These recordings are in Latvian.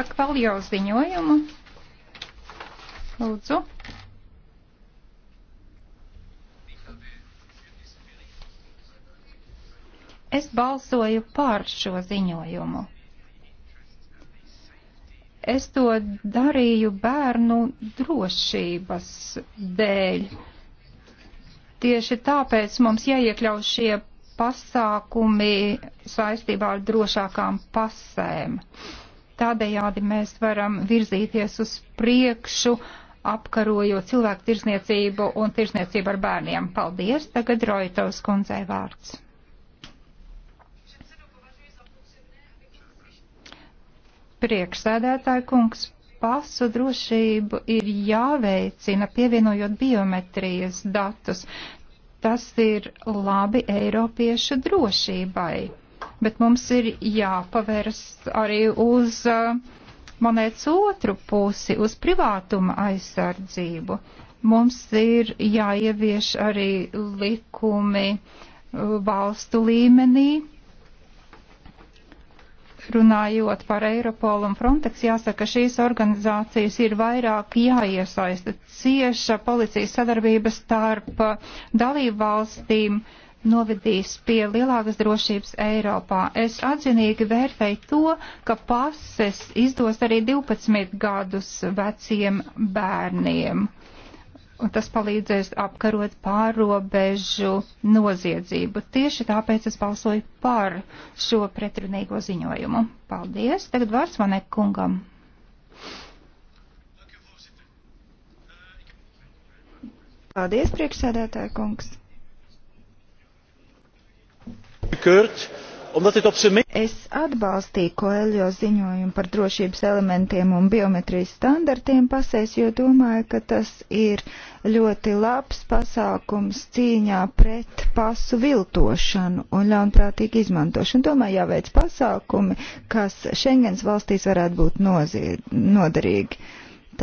Akvaljau ziņojumu. Lūdzu. Es balsoju pār šo ziņojumu. Es to darīju bērnu drošības dēļ. Tieši tāpēc mums jāiekļauj šie pasākumi saistībā ar drošākām pasēm. Uh, Tādējādi mēs varam virzīties uz priekšu, apkarojot cilvēku tirzniecību un tirzniecību ar bērniem. Paldies! Tagad Roitovs kundzei vārds. Priekšsēdētāja kungs, pasu drošību ir jāveicina pievienojot biometrijas datus. Tas ir labi Eiropiešu drošībai bet mums ir jāpavērs arī uz uh, monētas otru pusi, uz privātuma aizsardzību. Mums ir jāievieš arī likumi uh, valstu līmenī. Runājot par Eiropolu un Frontex, jāsaka, šīs organizācijas ir vairāk jāiesaista cieša policijas sadarbības starp dalību valstīm, uh, novedīs pie lielākas drošības Eiropā. Es atzinīgi vērtēju to, ka pases izdos arī 12 gadus veciem bērniem. Un tas palīdzēs apkarot pārobežu noziedzību. Tieši tāpēc es balsoju par šo pretrunīgo ziņojumu. Paldies. Tagad vārds Vanek kungam. Paldies, priekšsēdētāja kungs. Es atbalstīju Koeļo ziņojumu par drošības elementiem un biometrijas standartiem pasēs, jo domāju, ka tas ir ļoti labs pasākums cīņā pret pasu viltošanu un ļaunprātīgu izmantošanu. Domāju, jāveic pasākumi, kas Schengens valstīs varētu būt nozīr, noderīgi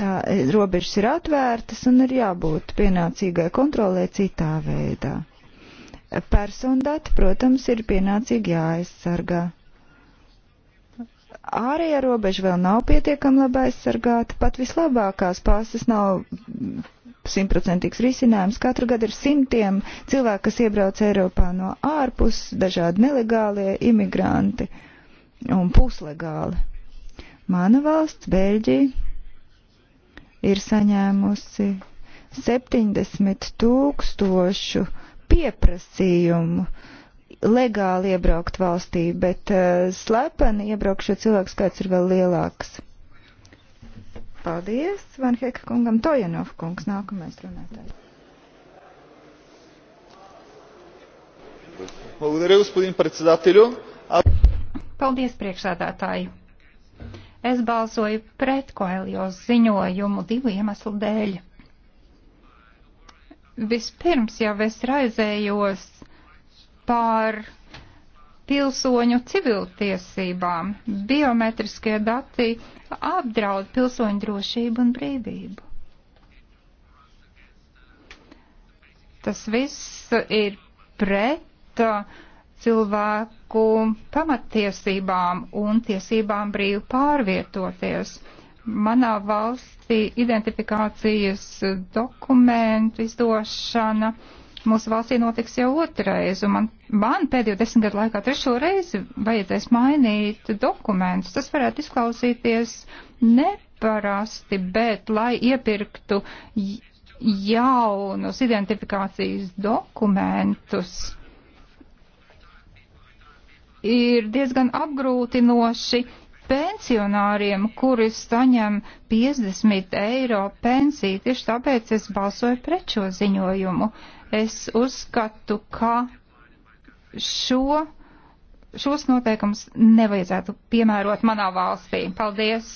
tā e, robežas ir atvērtas un ir jābūt pienācīgai kontrolē citā veidā. Persondati, protams, ir pienācīgi jāaizsargā. Ārējā robeža vēl nav pietiekami labi aizsargāta, pat vislabākās pasas nav simtprocentīgs risinājums. Katru gadu ir simtiem cilvēku, kas iebrauc Eiropā no ārpus, dažādi nelegālie imigranti un puslegāli. Mana valsts, Bēļģija, ir saņēmusi 70 tūkstošu pieprasījumu legāli iebraukt valstī, bet uh, slepeni iebraukšo cilvēku skaits ir vēl lielāks. Paldies, Van Heka kungam. Tojanov kungs, nākamais runātājs. Благодаря, господин председателю. Paldies, priekšsādātāji. Es balsoju pret Koeljos ziņojumu divu iemeslu dēļ. Vispirms jau es raizējos par pilsoņu civiltiesībām. Biometriskie dati apdraud pilsoņu drošību un brīvību. Tas viss ir pret uh, cilvēku pamatiesībām un tiesībām brīvi pārvietoties. Manā valsts identifikācijas dokumentu izdošana mūsu valstī notiks jau otrais, un man, man pēdējo desmit gadu laikā trešo reizi vajadzēs mainīt dokumentus. Tas varētu izklausīties neparasti, bet lai iepirktu jaunus identifikācijas dokumentus, ir diezgan apgrūtinoši pensionāriem, kuri saņem 50 eiro pensiju. Tieši tāpēc es balsoju pret šo ziņojumu. Es uzskatu, ka šo, šos noteikumus nevajadzētu piemērot manā valstī. Paldies!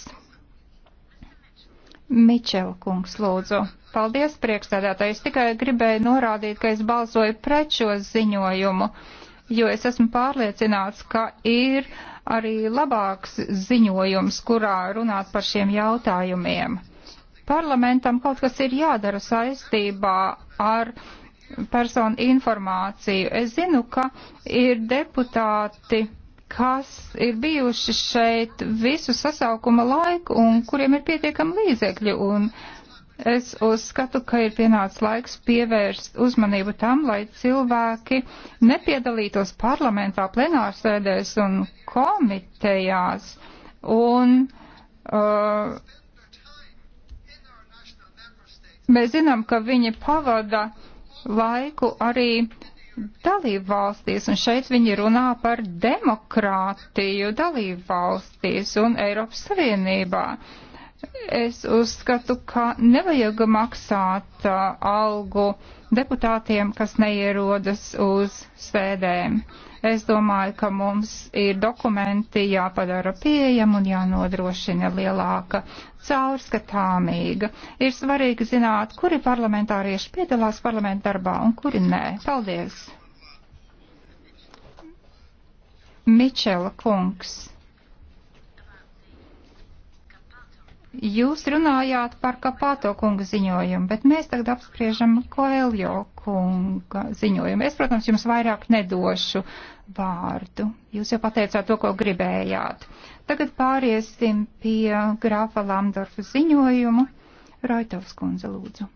Mičela kungs, lūdzu. Paldies, priekšstādātājs. Tikai gribēju norādīt, ka es balsoju pret šo ziņojumu. Uh, jo es esmu pārliecināts, ka ir arī labāks ziņojums, kurā runāt par šiem jautājumiem. Parlamentam kaut kas ir jādara saistībā ar personu informāciju. Es zinu, ka ir deputāti, kas ir bijuši šeit visu sasaukuma laiku un kuriem ir pietiekami līdzekļi. Un uh, Es uzskatu, ka ir pienācis laiks pievērst uzmanību tam, lai cilvēki nepiedalītos parlamentā, plenārsēdēs un komitejās un uh, mēs zinām, ka viņi pavada laiku arī dalību valstīs, un šeit viņi runā par demokrātiju dalību valstīs un Eiropas Savienībā. Uh, Es uzskatu, ka nevajag maksāt uh, algu deputātiem, kas neierodas uz sēdēm. Es domāju, ka mums ir dokumenti jāpadara pieejam un jānodrošina lielāka caurskatāmīga. Ir svarīgi zināt, kuri parlamentārieši piedalās parlamentu darbā un kuri nē. Paldies! Mičela kungs. Jūs runājāt par Kapāto kunga ziņojumu, bet mēs tagad apspriežam Koeljo kunga ziņojumu. Es, protams, jums vairāk nedošu vārdu. Jūs jau pateicāt to, ko gribējāt. Tagad pāriesim pie grāfa Lamdorfa ziņojumu. Raitovs kundze, lūdzu.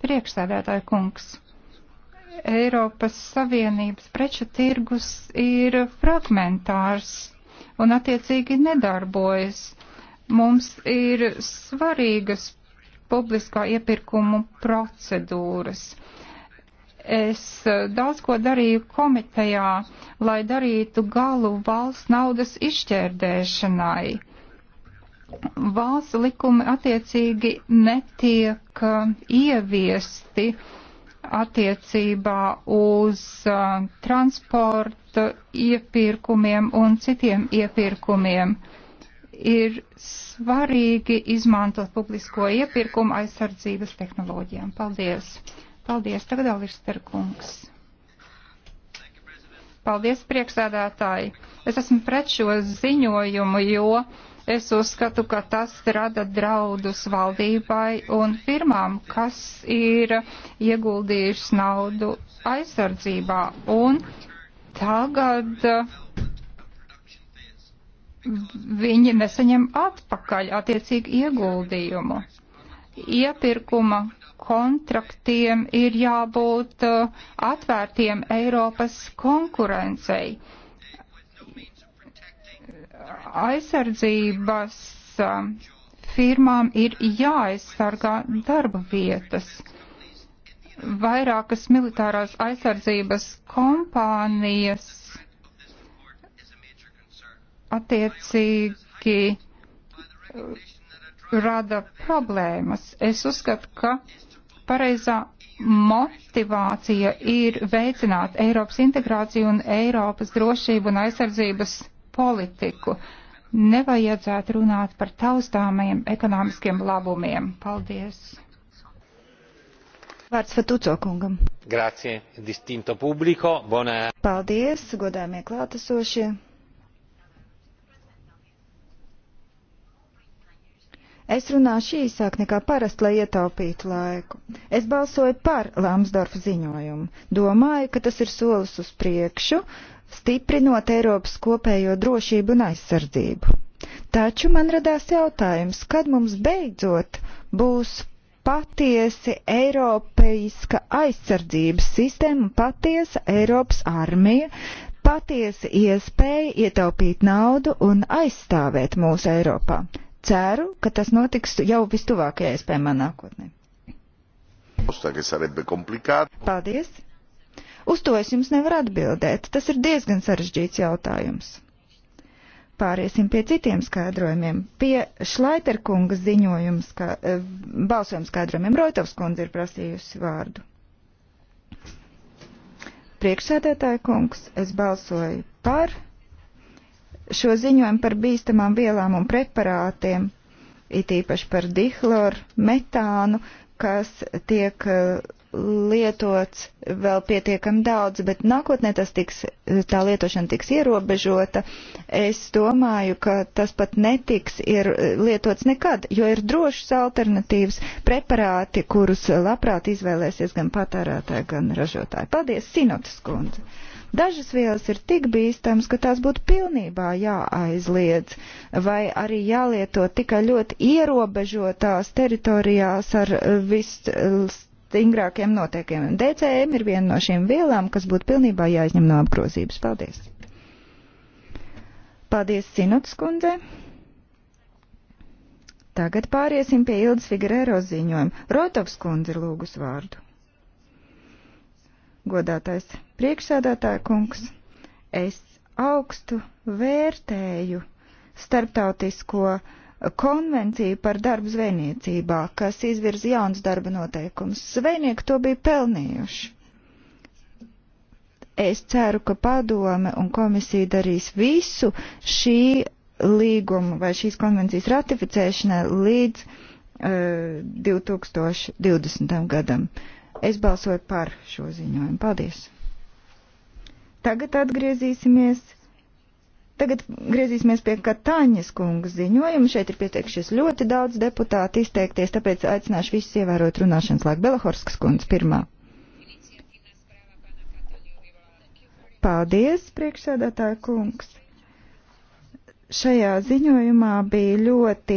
Priekšsēdētāja kungs. Eiropas Savienības preču tirgus ir fragmentārs un attiecīgi nedarbojas. Mums ir svarīgas publiskā iepirkumu procedūras. Es eh, daudz ko darīju komitejā, lai darītu galu valsts naudas izšķērdēšanai. Valsts likumi attiecīgi netiek eh, ieviesti. Uh, attiecībā uz uh, transportu iepirkumiem un citiem iepirkumiem. Ir svarīgi izmantot publisko iepirkumu aizsardzības tehnoloģijām. Paldies! Paldies! Tagad vēl ir starkungs. Paldies, priekšsēdētāji! Es esmu pret šo ziņojumu, jo. Uh, Es uzskatu, ka tas rada draudus valdībai un firmām, kas ir ieguldījušas naudu aizsardzībā. Un tagad uh, viņi nesaņem atpakaļ attiecīgi ieguldījumu. Iepirkuma kontraktiem ir jābūt uh, atvērtiem Eiropas konkurencei aizsardzības um, firmām ir jāaizsargā darba vietas. Vairākas militārās aizsardzības kompānijas attiecīgi uh, rada problēmas. Es uzskatu, ka pareizā motivācija ir veicināt Eiropas integrāciju un Eiropas drošību un aizsardzības politiku. Nevajadzētu runāt par taustāmajiem ekonomiskiem labumiem. Paldies! Vārds Fatuco kungam. Grācie, distinto publiko, bonē. Paldies, godāmie klātesošie. Es runāšu īsāk nekā parasti, lai ietaupītu laiku. Es balsoju par Lamsdorfa ziņojumu. Domāju, ka tas ir solis uz priekšu, stiprinot Eiropas kopējo drošību un aizsardzību. Taču man radās jautājums, kad mums beidzot būs patiesi Eiropeiska aizsardzības sistēma, patiesa Eiropas armija, patiesa iespēja ietaupīt naudu un aizstāvēt mūsu Eiropā. Ceru, ka tas notiks jau vistuvākajā iespējamā nākotnē. Paldies! Uz to es jums nevaru atbildēt. Tas ir diezgan sarežģīts jautājums. Pāriesim pie citiem skaidrojumiem. Pie Šlaiterkunga ziņojuma ska, eh, balsojuma skaidrojumiem Roitovs kundze ir prasījusi vārdu. Priekšsēdētāja kungs, es balsoju par šo ziņojumu par bīstamām vielām un preparātiem, it īpaši par dihloru, metānu, kas tiek eh, lietots vēl pietiekami daudz, bet nākotnē tas tiks, tā lietošana tiks ierobežota. Es domāju, ka tas pat netiks ir lietots nekad, jo ir drošas alternatīvas preparāti, kurus labprāt izvēlēsies gan patērētāji, gan ražotāji. Paldies, Sinotas kundze! Dažas vielas ir tik bīstams, ka tās būtu pilnībā jāaizliedz vai arī jālieto tikai ļoti ierobežotās teritorijās ar vis stingrākiem noteikumiem. DCM ir viena no šīm vielām, kas būtu pilnībā jāizņem no apgrozības. Paldies! Paldies, Sinots kundze! Tagad pāriesim pie Ildas Figuerero ziņojuma. Rotovs kundze lūgus vārdu. Godātais priekšsēdētāja kungs, es augstu vērtēju starptautisko uh, konvenciju par darbu zvejniecībā, kas izvirza jaunas darba noteikumus. Zvejnieki to bija pelnījuši. Es ceru, ka padome un komisija darīs visu šī līguma vai šīs konvencijas ratificēšanai līdz uh, eh, 2020. gadam. Es balsoju par šo ziņojumu. Paldies! Tagad atgriezīsimies Tagad griezīsimies pie Katāņas kungas ziņojuma. Šeit ir pieteikšies ļoti daudz deputāti izteikties, tāpēc aicināšu visus ievērot runāšanas laiku. Belahorskas kundze pirmā. Paldies, priekšsēdētāja kungs. Šajā ziņojumā bija ļoti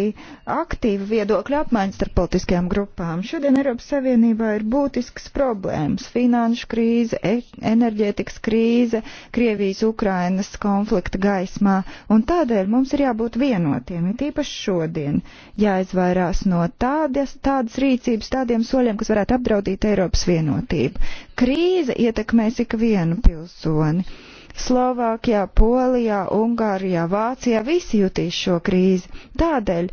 aktīva viedokļa apmaiņas starp politiskajām grupām. Šodien Eiropas Savienībā ir būtisks problēmas - finanšu krīze, e enerģētikas krīze, Krievijas-Ukrainas konflikta gaismā, un tādēļ mums ir jābūt vienotiem, ir tīpaši šodien jāizvairās no tādas, tādas rīcības, tādiem soļiem, kas varētu apdraudīt Eiropas vienotību. Krīze ietekmēs ikvienu pilsoni Slovākijā, Polijā, Ungārijā, Vācijā visi jutīs šo krīzi. Tādēļ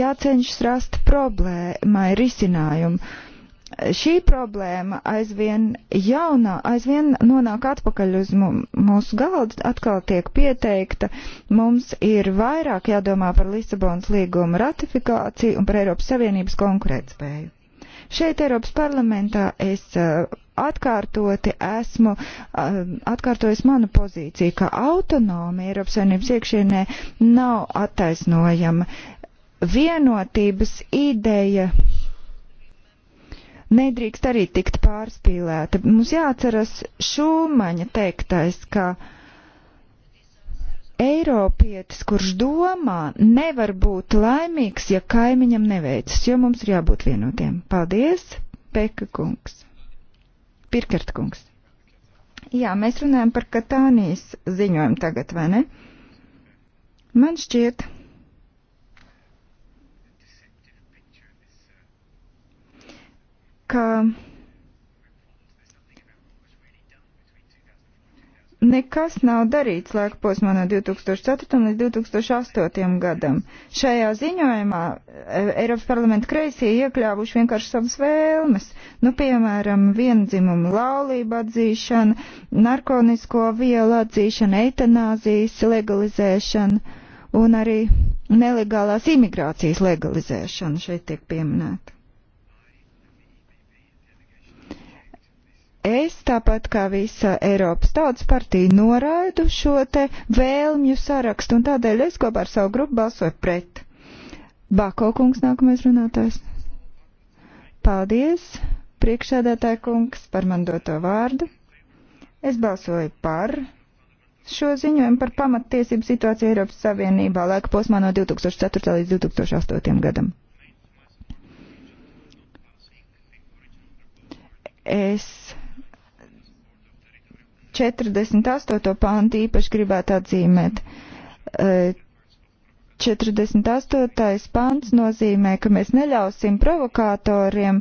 jāceņšas rast problēmai risinājumu. Šī problēma aizvien jaunā, aizvien nonāk atpakaļ uz mūsu galda, atkal tiek pieteikta. Mums ir vairāk jādomā par Lisabonas līguma ratifikāciju un par Eiropas Savienības konkurētspēju. Šeit Eiropas parlamentā es uh, atkārtoti esmu uh, atkārtojis manu pozīciju, ka autonomija Eiropas Savienības iekšienē nav attaisnojama. Vienotības ideja nedrīkst arī tikt pārspīlēta. Mums jāatceras Šūmaņa teiktais, ka uh, Eiropietis, kurš domā, nevar būt laimīgs, ja kaimiņam neveicas, jo mums ir jābūt vienotiem. Paldies, Peka kungs. Pirkert kungs. Jā, mēs runājam par Katānijas ziņojumu tagad, vai ne? Man šķiet, ka nekas nav darīts laika posmā no 2004. līdz 2008. gadam. Šajā ziņojumā e, Eiropas parlamenta kreisie iekļāvuši vienkārši savas vēlmes, nu, piemēram, viendzimumu laulību atzīšana, narkonisko vielu atzīšana, eitanāzijas legalizēšana un arī nelegālās imigrācijas legalizēšana šeit tiek pieminēta. Es, tāpat kā visa Eiropas tautas partija, noraidu šo te vēlmju sarakstu, un tādēļ es kopā ar savu grupu balsoju pret. Bako kungs nākamais runātājs. Paldies, priekšsēdētāja kungs, par man doto vārdu. Es balsoju par šo ziņojumu par pamattiesību situāciju Eiropas Savienībā laika posmā no 2004. līdz 2008. gadam. es 48. pāntu īpaši gribētu atzīmēt. 48. E, pāns nozīmē, ka mēs neļausim provokātoriem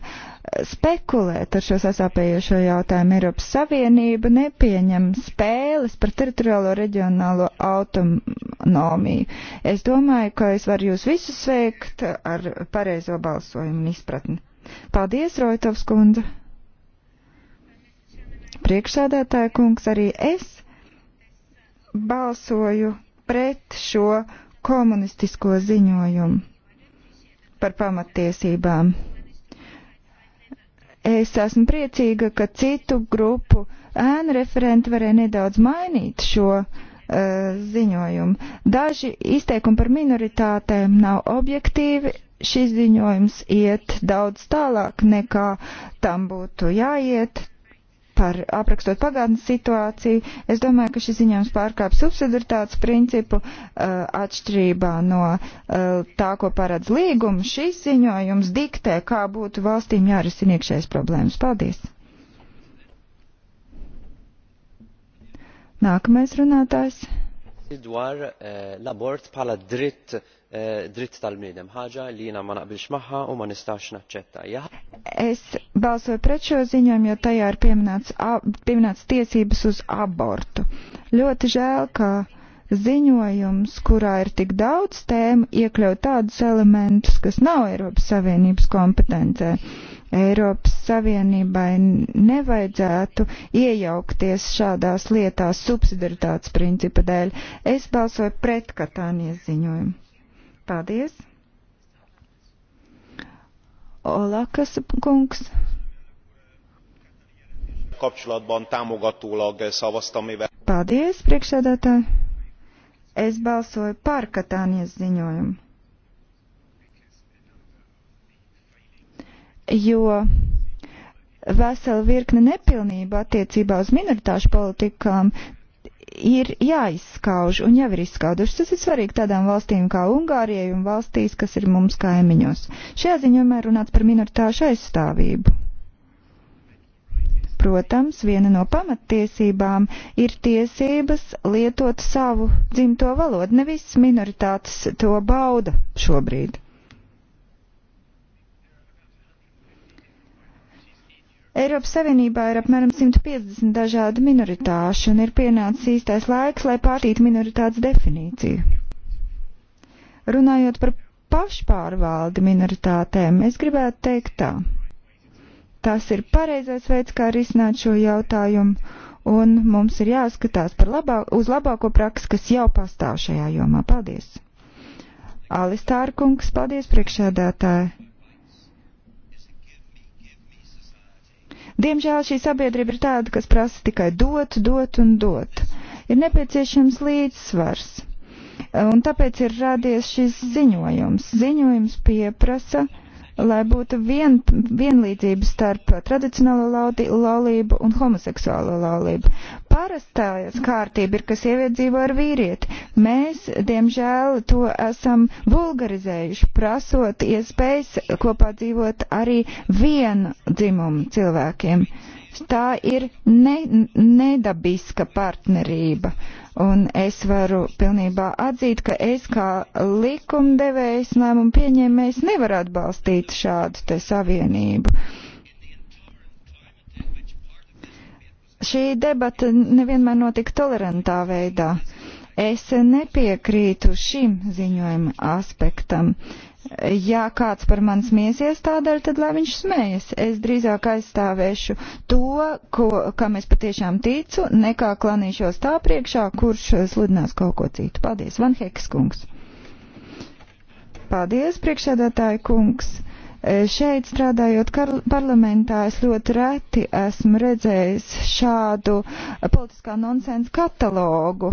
spekulēt ar šo sasāpējošo jautājumu. Eiropas Savienība nepieņem spēles par teritoriālo reģionālo autonomiju. Es domāju, ka es varu jūs visus sveikt ar pareizo balsojumu un izpratni. Paldies, Roitovs kundze! Priekšsēdētāja kungs, arī es balsoju pret šo komunistisko ziņojumu par pamatiesībām. Es esmu priecīga, ka citu grupu ēnu referenti varēja nedaudz mainīt šo uh, ziņojumu. Daži izteikumi par minoritātēm nav objektīvi. Šis ziņojums iet daudz tālāk nekā tam būtu jāiet par aprakstot pagātnes situāciju, es domāju, ka šis ziņojums pārkāp subsidaritātes principu uh, atšķirībā no uh, tā, ko paredz līgums. Šis ziņojums diktē, kā būtu valstīm jārisina iekšējas problēmas. Paldies! Nākamais runātājs dwar eh, l-abort bħala eh, dritt tal-bniedem ħaġa li jiena ma naqbilx magħha u ma nistax naċċetta. Es balsoju pret šo ziņojumu, jo tajā ir pieminēts, pieminēts tiesības uz abortu. Ļoti žēl, ka ziņojums, kurā ir tik daudz tēmu, iekļaut tādus elementus, kas nav Eiropas Savienības kompetencē. Eiropas Savienībai nevajadzētu iejaukties šādās lietās subsidaritātes principa dēļ. Es balsoju pret Katānijas ziņojumu. Paldies! Olakas kungs. Kapcsolatban támogatólag szavaztam, mivel. Paldies, priekšsēdētāji! Es balsoju par Katānijas ziņojumu. Jo vesela virkne nepilnība attiecībā uz minoritāšu politikām ir jāizskauž un jau ir izskaudušas. Tas ir svarīgi tādām valstīm kā Ungārijai un valstīs, kas ir mums kaimiņos. Šajā ziņojumā runāts par minoritāšu aizstāvību. Protams, viena no pamattiesībām ir tiesības lietot savu dzimto valodu. Ne visas minoritātes to bauda šobrīd. Eiropas Savienībā ir apmēram 150 dažādu minoritāšu un ir pienācis īstais laiks, lai pārtītu minoritātes definīciju. Runājot par pašpārvaldi minoritātēm, es gribētu teikt tā. Tas ir pareizais veids, kā risināt šo jautājumu, un mums ir jāskatās par labā, uz labāko praksi, kas jau pastāv šajā jomā. Paldies! Alistāra kungs, paldies priekšēdētāji! Diemžēl šī sabiedrība ir tāda, kas prasa tikai dot, dot un dot. Ir nepieciešams līdzsvars. Un tāpēc ir radies šis ziņojums. Ziņojums pieprasa uh, lai būtu vien, vienlīdzība starp tradicionālo laudi, laulību un homoseksuālo laulību. Parastājas kārtība ir, ka sieviete dzīvo ar vīrieti. Mēs, diemžēl, to esam vulgarizējuši, prasot iespējas kopā dzīvot arī vienu dzimumu cilvēkiem. Uh, Tā ir ne, nedabiska partnerība. Un es varu pilnībā atzīt, ka es kā likumdevējs, lēmumu pieņēmējs nevaru atbalstīt šādu te savienību. Šī debata nevienmēr notika tolerantā veidā. Es nepiekrītu šim ziņojuma aspektam. Uh, Ja kāds par mani smieties tādēļ, tad lai viņš smējas. Es drīzāk aizstāvēšu to, ko, kam es patiešām ticu, nekā klanīšos tā priekšā, kurš sludinās kaut ko citu. Paldies, Van Hekas kungs. Paldies, priekšsēdētāja kungs. Šeit strādājot parlamentā, es ļoti reti esmu redzējis šādu politiskā nonsensa katalogu,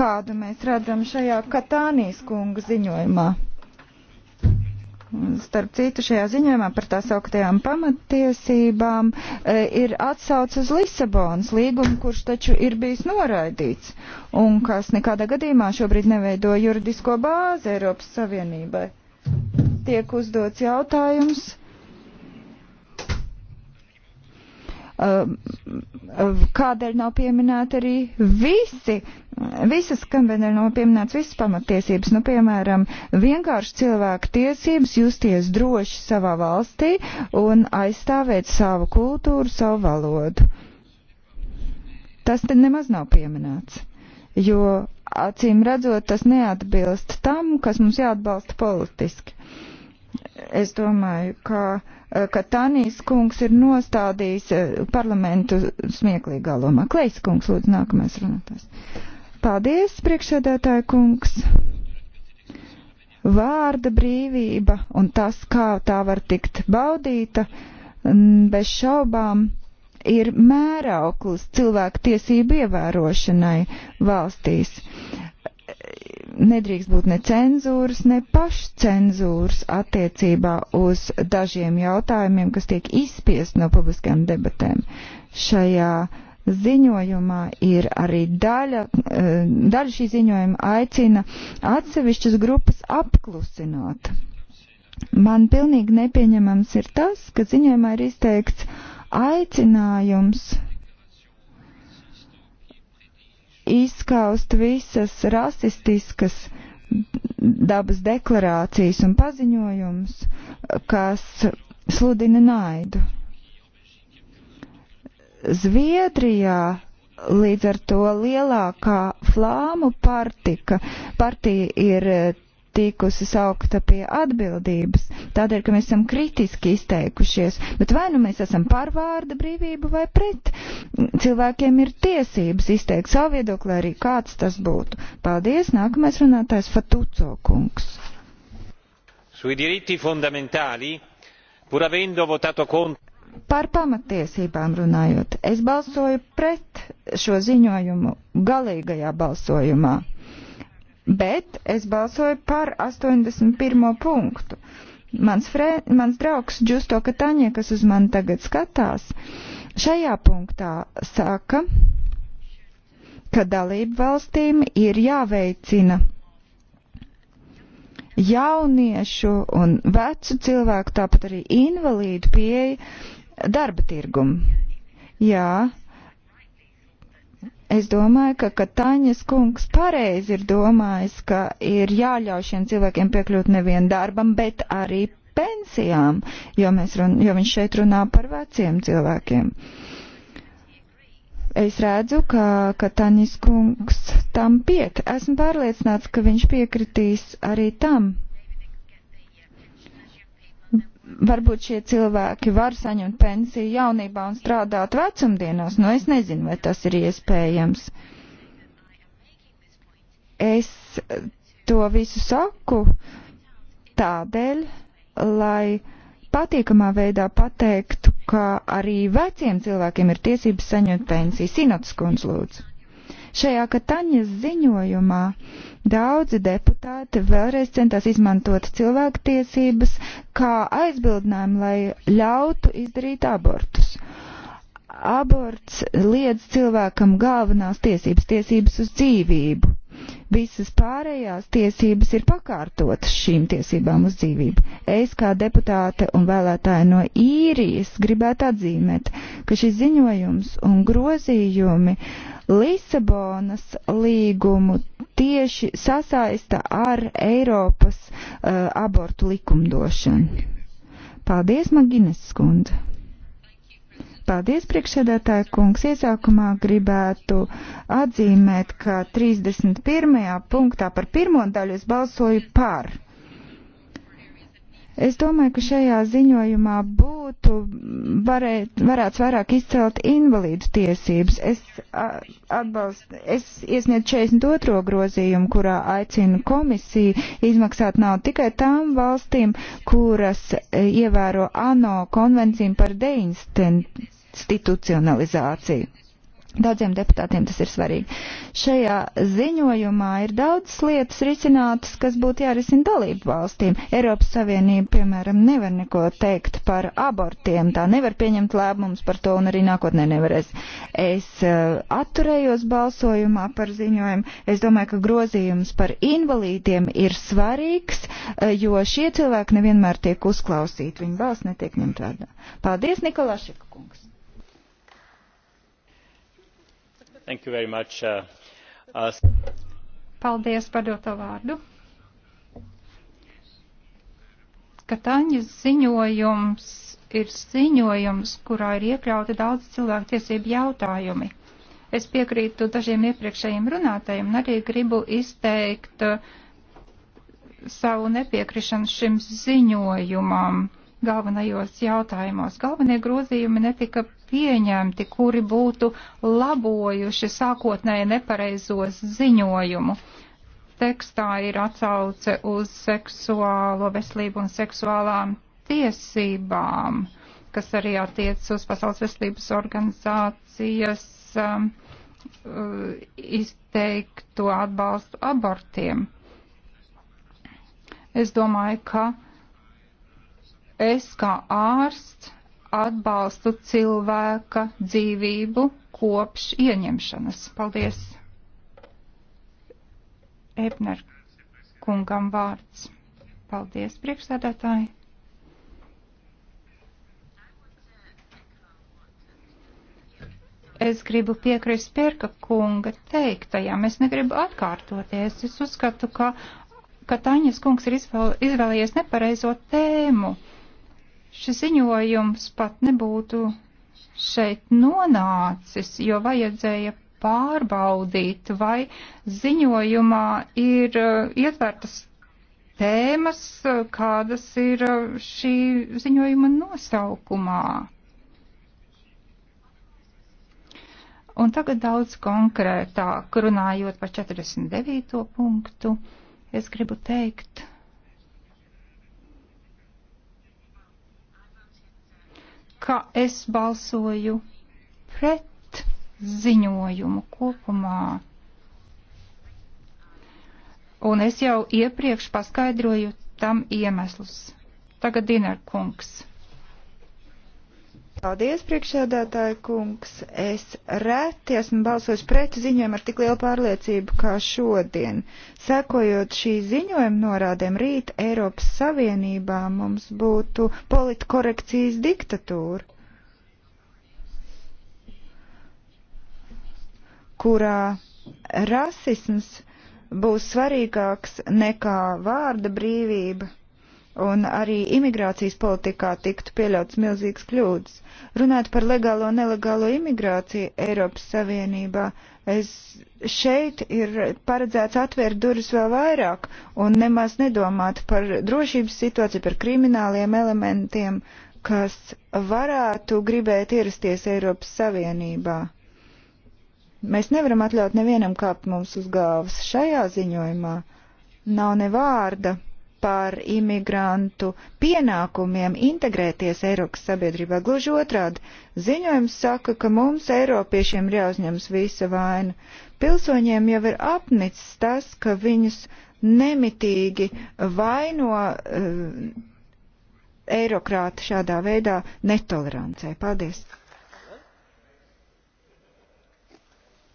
kādu mēs redzam šajā Katānijas kunga ziņojumā. Starp citu, šajā ziņojumā par tā sauktajām pamattiesībām e, ir atsauc uz Lisabonas līgumu, kurš taču ir bijis noraidīts un kas nekādā gadījumā šobrīd neveido juridisko bāzi Eiropas Savienībai. Tiek uzdots jautājums Ehm, ehm, kādēļ nav pieminēti arī visi, visas, kādēļ nav pieminēts visas pamatiesības, nu, piemēram, vienkārši cilvēku tiesības justies droši savā valstī un aizstāvēt savu kultūru, savu valodu. Tas te nemaz nav pieminēts, jo acīm redzot, tas neatbilst tam, kas mums jāatbalsta politiski. Uh, Es domāju, ka, ka Tanīs kungs ir nostādījis eh, parlamentu smieklīgā lomā. Klejs kungs, lūdzu, nākamais runātājs. Paldies, priekšsēdētāja kungs. Vārda brīvība un tas, kā tā var tikt baudīta, bez šaubām ir mērauklis cilvēku tiesību ievērošanai valstīs. Uh, nedrīkst būt ne cenzūras, ne pašcenzūras attiecībā uz dažiem jautājumiem, kas tiek izspiest no publiskajām debatēm. Šajā ziņojumā ir arī daļa, eh, daļa šī ziņojuma aicina atsevišķas grupas apklusināt. Man pilnīgi nepieņemams ir tas, ka ziņojumā ir izteikts aicinājums uh, izskaust visas rasistiskas dabas deklarācijas un paziņojums, kas sludina naidu. Zviedrijā līdz ar to lielākā flāmu partika, partija ir tikusi saukta pie atbildības, tādēļ, ka mēs esam kritiski izteikušies, bet vai nu mēs esam par vārda brīvību vai pret. Cilvēkiem ir tiesības izteikt savu viedokli, arī kāds tas būtu. Paldies, nākamais runātājs Fatuco kungs. Sui diritti fondamentali, pur avendo votato contro. Par pamatiesībām runājot, es balsoju pret šo ziņojumu galīgajā balsojumā bet es balsoju par 81. punktu. Mans, frē, mans draugs Džusto Kataņie, kas uz mani tagad skatās, šajā punktā saka, ka dalību valstīm ir jāveicina jauniešu un vecu cilvēku, tāpat arī invalīdu pieeja darba tirgumu. Jā, Es domāju, ka Kataņas kungs pareizi ir domājis, ka ir jāļauj šiem cilvēkiem piekļūt nevien darbam, bet arī pensijām, jo, run, jo viņš šeit runā par veciem cilvēkiem. Es redzu, ka Kataņas kungs tam piet. Esmu pārliecināts, ka viņš piekritīs arī tam, varbūt šie cilvēki var saņemt pensiju jaunībā un strādāt vecumdienās. Nu, es nezinu, vai tas ir iespējams. Es to visu saku tādēļ, lai patīkamā veidā pateiktu, ka arī veciem cilvēkiem ir tiesības saņemt pensiju. Sinots kundz lūdzu. Šajā Kataņas ziņojumā daudzi deputāti vēlreiz centās izmantot cilvēktiesības kā aizbildinājumu, lai ļautu izdarīt abortus aborts liedz cilvēkam galvenās tiesības, tiesības uz dzīvību. Visas pārējās tiesības ir pakārtotas šīm tiesībām uz dzīvību. Es kā deputāte un vēlētāja no īrijas gribētu atzīmēt, ka šis ziņojums un grozījumi Lisabonas līgumu tieši sasaista ar Eiropas uh, abortu likumdošanu. Paldies, Maginas skundze! Paldies, priekšsēdētāja kungs. Iesākumā gribētu atzīmēt, ka 31. punktā par pirmo daļu es balsoju par. Es domāju, ka šajā ziņojumā būtu varēt, varēts vairāk izcelt invalīdu tiesības. Es, atbalst, es iesniedzu 42. grozījumu, kurā aicinu komisiju izmaksāt naudu tikai tām valstīm, kuras e, ievēro ANO konvenciju par deinstitūciju institucionalizāciju. Daudziem deputātiem tas ir svarīgi. Šajā ziņojumā ir daudz lietas risinātas, kas būtu jārisina dalību valstīm. Eiropas Savienība, piemēram, nevar neko teikt par abortiem, tā nevar pieņemt lēmumus par to un arī nākotnē nevarēs. Es uh, atturējos balsojumā par ziņojumu. Es domāju, ka grozījums par invalīdiem ir svarīgs, uh, jo šie cilvēki nevienmēr tiek uzklausīti. Viņu balss netiek ņemt vērā. Paldies, Nikolašika kungs! Uh, Paldies par doto vārdu. Kataņas ziņojums ir ziņojums, kurā ir iekļauti daudz cilvēktiesību jautājumi. Es piekrītu dažiem iepriekšējiem runātājiem un arī gribu izteikt uh, savu nepiekrišanu šim ziņojumam galvenajos jautājumos. Galvenie grozījumi netika pieņemti, kuri būtu labojuši sākotnēji nepareizos ziņojumu. Tekstā ir atsauce uz seksuālo veselību un seksuālām tiesībām, kas arī attiec uz Pasaules veselības organizācijas um, izteikto atbalstu abortiem. Es domāju, ka es kā ārsts atbalstu cilvēka dzīvību kopš ieņemšanas. Paldies! Ebner kungam vārds. Paldies, priekšsēdētāji! es gribu piekrist Pirka kunga teiktajam. Es negribu atkārtoties. Es uzskatu, ka, ka Taņas kungs ir izvēl, izvēlējies nepareizo tēmu. Uh, šis ziņojums pat nebūtu šeit nonācis, jo vajadzēja pārbaudīt, vai ziņojumā ir uh, ietvertas tēmas, uh, kādas ir uh, šī ziņojuma nosaukumā. Un tagad daudz konkrētāk runājot par 49. punktu, es gribu teikt, ka es balsoju pret ziņojumu kopumā. Un es jau iepriekš paskaidroju tam iemeslus. Tagad Diner kungs. Paldies, priekšsēdētāja kungs. Es reti esmu balsojis pret ziņojumu ar tik lielu pārliecību kā šodien. Sekojot šī ziņojuma norādēm, rīt Eiropas Savienībā mums būtu politkorekcijas diktatūra, kurā rasisms būs svarīgāks nekā vārda brīvība un arī imigrācijas politikā tiktu pieļauts milzīgs kļūdas. Runāt par legālo un nelegālo imigrāciju Eiropas Savienībā, es šeit ir paredzēts atvērt durvis vēl vairāk un nemaz nedomāt par drošības situāciju, par krimināliem elementiem, kas varētu gribēt ierasties Eiropas Savienībā. Mēs nevaram atļaut nevienam kāpt mums uz galvas šajā ziņojumā. Nav ne vārda par imigrantu pienākumiem integrēties Eiropas sabiedrībā. Gluži otrādi, ziņojums saka, ka mums, Eiropiešiem, ir jāuzņems visa vaina. Pilsoņiem jau ir apnicis tas, ka viņus nemitīgi vaino uh, eirokrāti šādā veidā netolerancē. Paldies!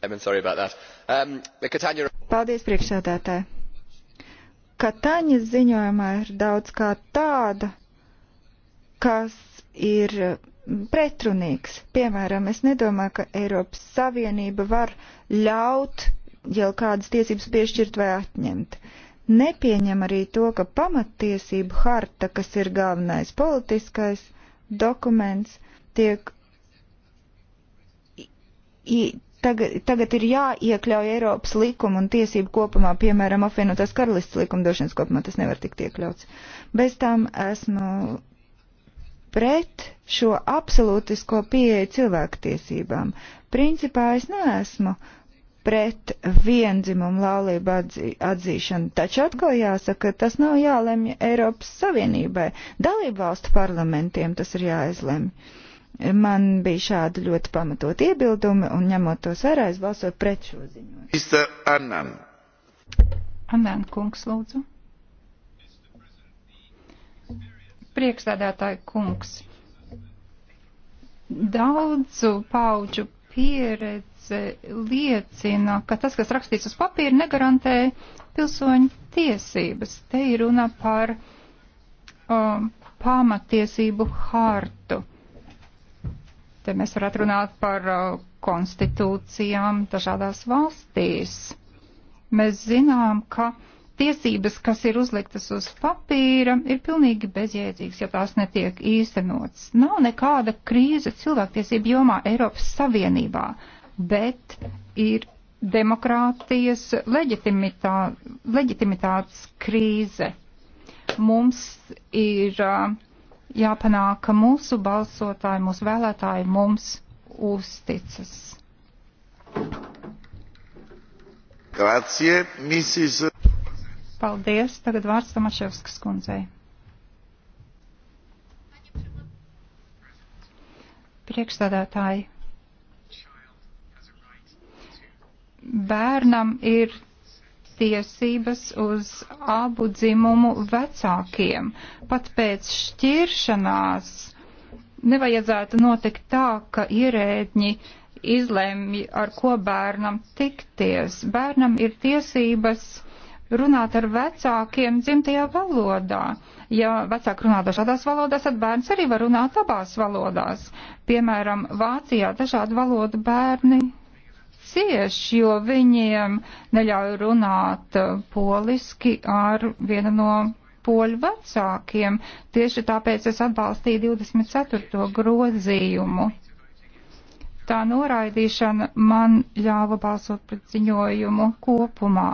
Um, Paldies, priekšsēdētāji! Kataņas ziņojumā ir daudz kā tāda, kas ir pretrunīgs. Piemēram, es nedomāju, ka Eiropas Savienība var ļaut jau kādas tiesības piešķirt vai atņemt. Nepieņem arī to, ka pamattiesību harta, kas ir galvenais politiskais dokuments, tiek tagad, tagad ir jāiekļauj Eiropas likuma un tiesību kopumā, piemēram, apvienotās karalistas likumdošanas kopumā, tas nevar tikt iekļauts. Bez tam esmu pret šo absolūtisko pieeju cilvēktiesībām. Principā es neesmu pret viendzimumu laulību atzī, atzīšanu, taču atkal jāsaka, tas nav jālemj Eiropas Savienībai, dalību valstu parlamentiem tas ir jāizlemj. Uh, Man bija šādi ļoti pamatot iebildumi, un ņemot tos vērā, es balsoju pret šo ziņojumu. Annan. Annan kungs, lūdzu. Priekšstādātāji kungs. Daudzu pauģu pieredze liecina, ka tas, kas rakstīts uz papīra, negarantē pilsoņu tiesības. Te ir runa par um, pamatiesību hārtu Te mēs varētu runāt par uh, konstitūcijām dažādās valstīs. Mēs zinām, ka tiesības, kas ir uzliktas uz papīra, ir pilnīgi bezjēdzīgas, ja tās netiek īstenotas. Nav nekāda krīze cilvēktiesību jomā Eiropas Savienībā, bet ir demokrātijas leģitimitā, leģitimitātes krīze. Mums ir uh, jāpanāk, ka mūsu balsotāji, mūsu vēlētāji mums uzticas. Grazie, Mrs. Paldies. Tagad vārds Tomaševskas kundzei. Priekšstādātāji. Bērnam ir tiesības uz abu dzimumu vecākiem. Pat pēc šķiršanās nevajadzētu notikt tā, ka ierēdņi izlemj, ar ko bērnam tikties. Bērnam ir tiesības runāt ar vecākiem dzimtajā valodā. Ja vecāki runā dažādās valodās, tad bērns arī var runāt abās valodās. Piemēram, Vācijā dažādu valodu bērni cieš, jo viņiem neļauj runāt uh, poliski ar vienu no poļu vecākiem. Tieši tāpēc es atbalstīju 24. grozījumu. Tā noraidīšana man ļāva balsot pret ziņojumu kopumā.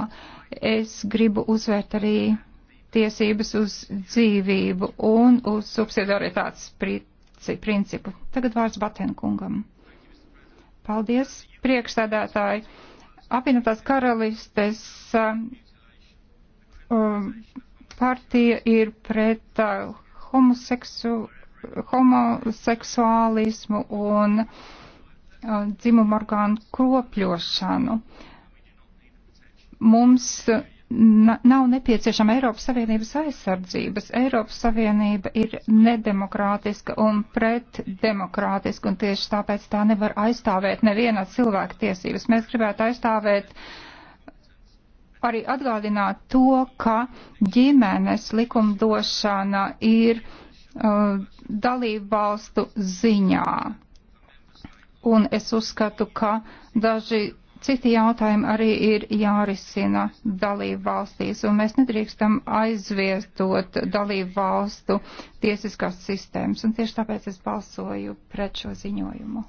Es gribu uzsvērt arī tiesības uz dzīvību un uz subsidiaritātes principu. Tagad vārds Batenkungam. Paldies, priekšsēdētāji. Apvienotās karalistes uh, um, partija ir pret uh, homoseksu, homoseksuālismu un uh, dzimumorgānu kropļošanu. Mums uh, nav nepieciešama Eiropas Savienības aizsardzības. Eiropas Savienība ir nedemokrātiska un pretdemokrātiska, un tieši tāpēc tā nevar aizstāvēt nevienā cilvēka tiesības. Mēs gribētu aizstāvēt arī atgādināt to, ka ģimenes likumdošana ir uh, dalību valstu ziņā. Un es uzskatu, ka daži citi jautājumi arī ir jārisina dalību valstīs, un mēs nedrīkstam aizvietot dalību valstu tiesiskās sistēmas, un tieši tāpēc es balsoju pret šo ziņojumu.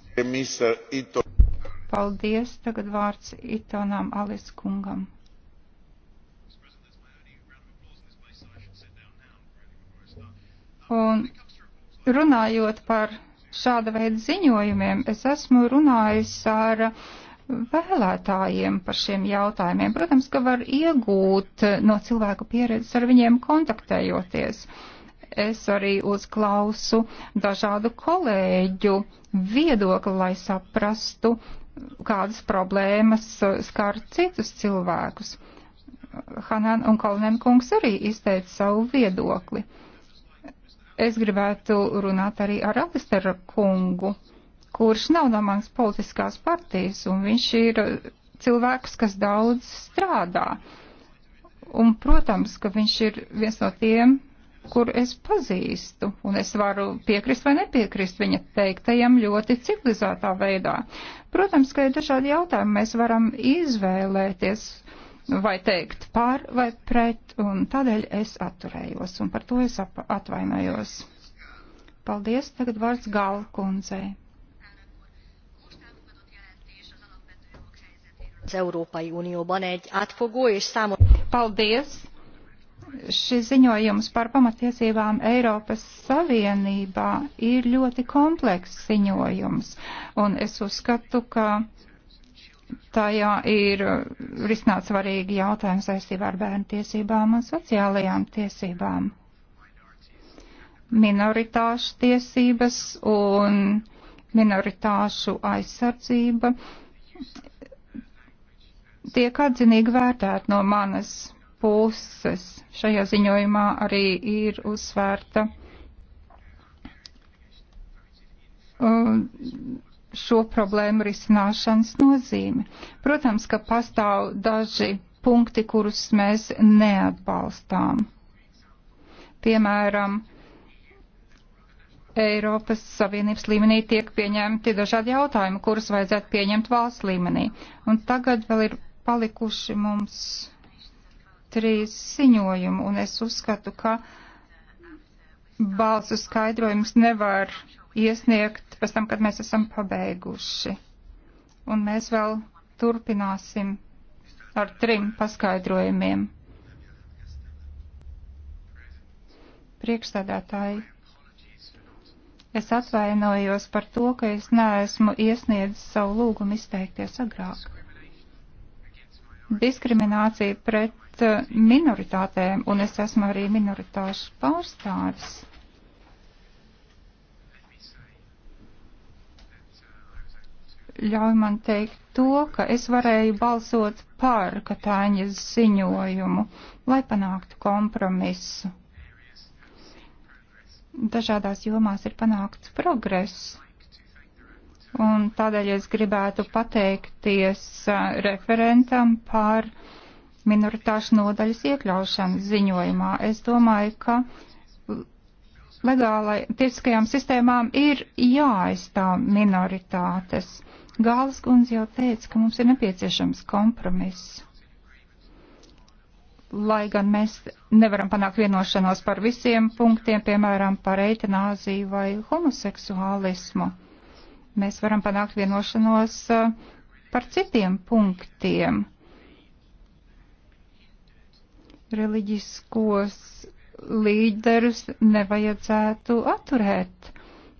Paldies, tagad vārds Itonam Alis kungam. Un runājot par šāda veida ziņojumiem, es esmu runājis ar uh, vēlētājiem par šiem jautājumiem. Protams, ka var iegūt no cilvēku pieredzes ar viņiem kontaktējoties. Es arī uzklausu dažādu kolēģu viedokli, lai saprastu, kādas problēmas skar citus cilvēkus. Hanan un Kalnenkungs arī izteica savu viedokli. Es gribētu runāt arī ar Alisteru kungu. Uh, kurš nav no manas politiskās partijas, un viņš ir uh, cilvēks, kas daudz strādā. Un, protams, ka viņš ir viens no tiem, kur es pazīstu, un es varu piekrist vai nepiekrist viņa teiktajam ļoti civilizētā veidā. Protams, ka ir dažādi jautājumi, mēs varam izvēlēties vai teikt par vai pret, un tādēļ es atturējos, un par to es atvainojos. Paldies, tagad vārds Galkundzei. az Európai Unióban egy átfogó és számos... Paldies! Šis ziņojums par pamatiesībām Eiropas Savienībā ir ļoti komplekss ziņojums, un es uzskatu, ka tajā ir risināts svarīgi jautājums saistībā ar bērnu tiesībām un sociālajām tiesībām. Minoritāšu tiesības un minoritāšu aizsardzība tiek atzinīgi vērtēti no manas puses. Šajā ziņojumā arī ir uzsvērta uh, šo problēmu risināšanas nozīme. Protams, ka pastāv daži punkti, kurus mēs neatbalstām. Piemēram, Eiropas Savienības līmenī tiek pieņemti dažādi jautājumi, kurus vajadzētu pieņemt valsts līmenī. Un tagad vēl ir palikuši mums trīs ziņojumi, un es uzskatu, ka balsu skaidrojums nevar iesniegt pēc tam, kad mēs esam pabeiguši. Un mēs vēl turpināsim ar trim paskaidrojumiem. Priekšstādātāji, es atvainojos par to, ka es neesmu iesniedzis savu lūgumu izteikties agrāk diskriminācija pret eh, minoritātēm, un es esmu arī minoritāšu pārstāvis. Ļauj man teikt to, ka es varēju balsot par Katāņas ziņojumu, lai panāktu kompromisu. Dažādās jomās ir panākts progress un tādēļ es gribētu pateikties referentam par minoritāšu nodaļas iekļaušanu ziņojumā. Es domāju, ka legālai tiesiskajām sistēmām ir jāaizstāv minoritātes. Gāles kundze jau teica, ka mums ir nepieciešams kompromiss. Lai gan mēs nevaram panākt vienošanos par visiem punktiem, piemēram, par eitanāziju vai homoseksuālismu mēs varam panākt vienošanos eh, par citiem punktiem. Reliģiskos līderus nevajadzētu atturēt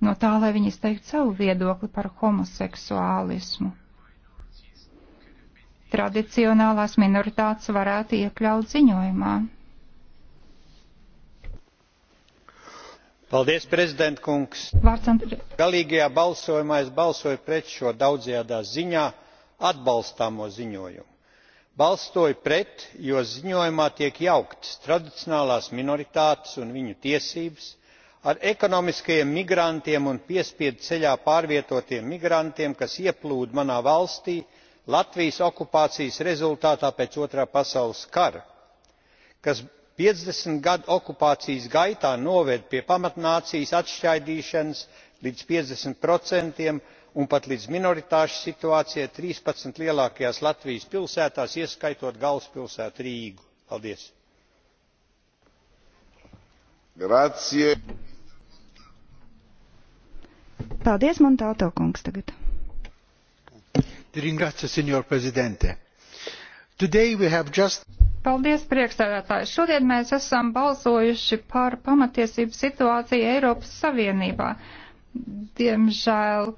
no tā, lai viņi izteikt savu viedokli par homoseksuālismu. Tradicionālās minoritātes varētu iekļaut ziņojumā. Paldies, prezident kungs! Vārdsam... Galīgajā balsojumā es balsoju pret šo daudzjādā ziņā atbalstāmo ziņojumu. Balsoju pret, jo ziņojumā tiek jauktas tradicionālās minoritātes un viņu tiesības ar ekonomiskajiem migrantiem un piespiedu ceļā pārvietotiem migrantiem kas ieplūda manā valstī latvijas okupācijas rezultātā pēc otrā pasaules kara kas piecdesmit gadu okupācijas gaitā noveda pie pamatnācijas atšķaidīšanas līdz piecdesmit procentiem un pat līdz minoritāšu situācijai trīspadsmit lielākajās latvijas pilsētās ieskaitot galvaspilsētu rīgu. paldies! Grazie. Paldies, Montauto kungs tagad. Ringrazio, signor Presidente. Today we have just Paldies, priekšstādātāji. Šodien mēs esam balsojuši par pamatiesību situāciju Eiropas Savienībā. Diemžēl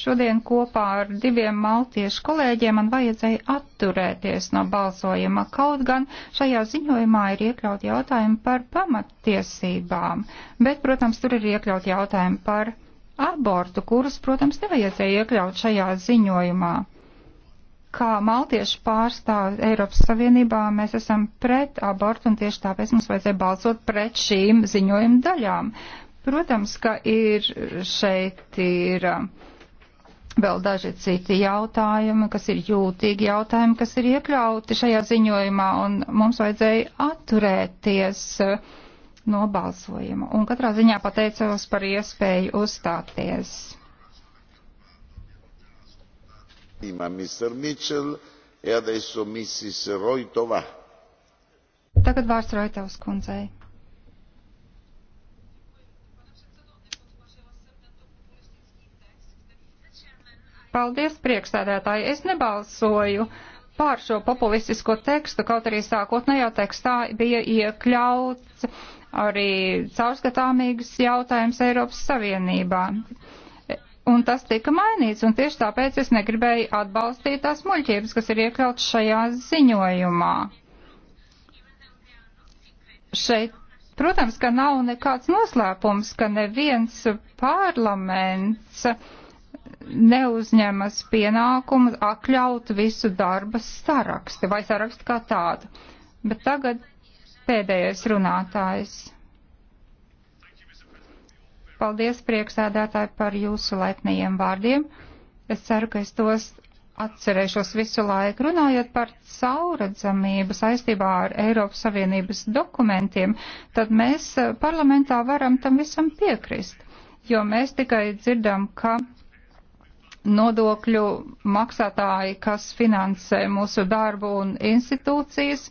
šodien kopā ar diviem maltiešu kolēģiem man vajadzēja atturēties no balsojuma, kaut gan šajā ziņojumā ir iekļaut jautājumi par pamatiesībām, bet, protams, tur ir iekļaut jautājumi par abortu, kurus, protams, nevajadzēja iekļaut šajā ziņojumā kā maltiešu pārstāvi Eiropas Savienībā mēs esam pret abortu un tieši tāpēc mums vajadzēja balsot pret šīm ziņojuma daļām. Protams, ka ir šeit ir um, vēl daži citi jautājumi, kas ir jūtīgi jautājumi, kas ir iekļauti šajā ziņojumā un mums vajadzēja atturēties uh, no balsojuma. Un katrā ziņā pateicos par iespēju uzstāties prima Mr. Mitchell e adesso Mrs. Roitovā. Tagad vārds Roitovs kundzei. Paldies, priekšsēdētāji. Es nebalsoju pār šo populistisko tekstu, kaut arī sākotnējā tekstā bija iekļauts arī caurskatāmīgas jautājums Eiropas Savienībā. Un tas tika mainīts, un tieši tāpēc es negribēju atbalstīt tās muļķības, kas ir iekļauts šajā ziņojumā. Šeit, protams, ka nav nekāds noslēpums, ka neviens parlaments neuzņemas pienākumu atļaut visu darba sarakstu vai sarakstu kā tādu. Bet tagad pēdējais runātājs. Paldies priekšsēdētāji par jūsu laipnajiem vārdiem. Es ceru, ka es tos atcerēšos visu laiku. Runājot par cauradzamību saistībā ar Eiropas Savienības dokumentiem, tad mēs eh, parlamentā varam tam visam piekrist, jo mēs tikai dzirdam, ka nodokļu maksātāji, kas finansē mūsu darbu un institūcijas,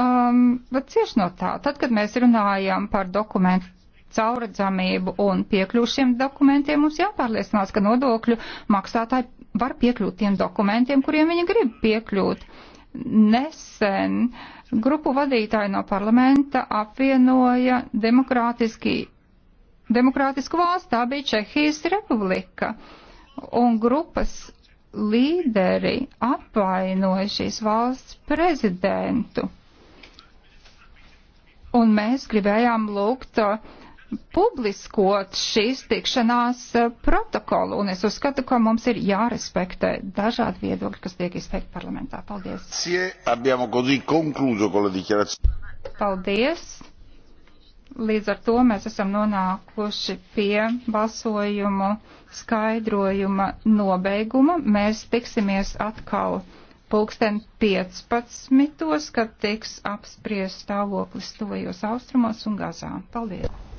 um, bet cieši no tā. Tad, kad mēs runājam par dokumentu cauradzamību un piekļuvu šiem dokumentiem, mums jāpārliecinās, ka nodokļu maksātāji var piekļūt tiem dokumentiem, kuriem viņi grib piekļūt. Nesen grupu vadītāji no parlamenta apvienoja demokrātiski, demokrātisku valstu, tā bija Čehijas republika, un grupas līderi apvainoja šīs valsts prezidentu. Un mēs gribējām lūgt uh, publiskot šīs tikšanās eh, protokolu, un es uzskatu, ka mums ir jārespektē dažādi viedokļi, kas tiek izteikti parlamentā. Paldies! Paldies! Līdz ar to mēs esam nonākuši pie balsojumu skaidrojuma nobeiguma. Mēs tiksimies atkal pulksten 15, kad tiks apspriest stāvoklis tuvajos austrumos un gazā. Paldies!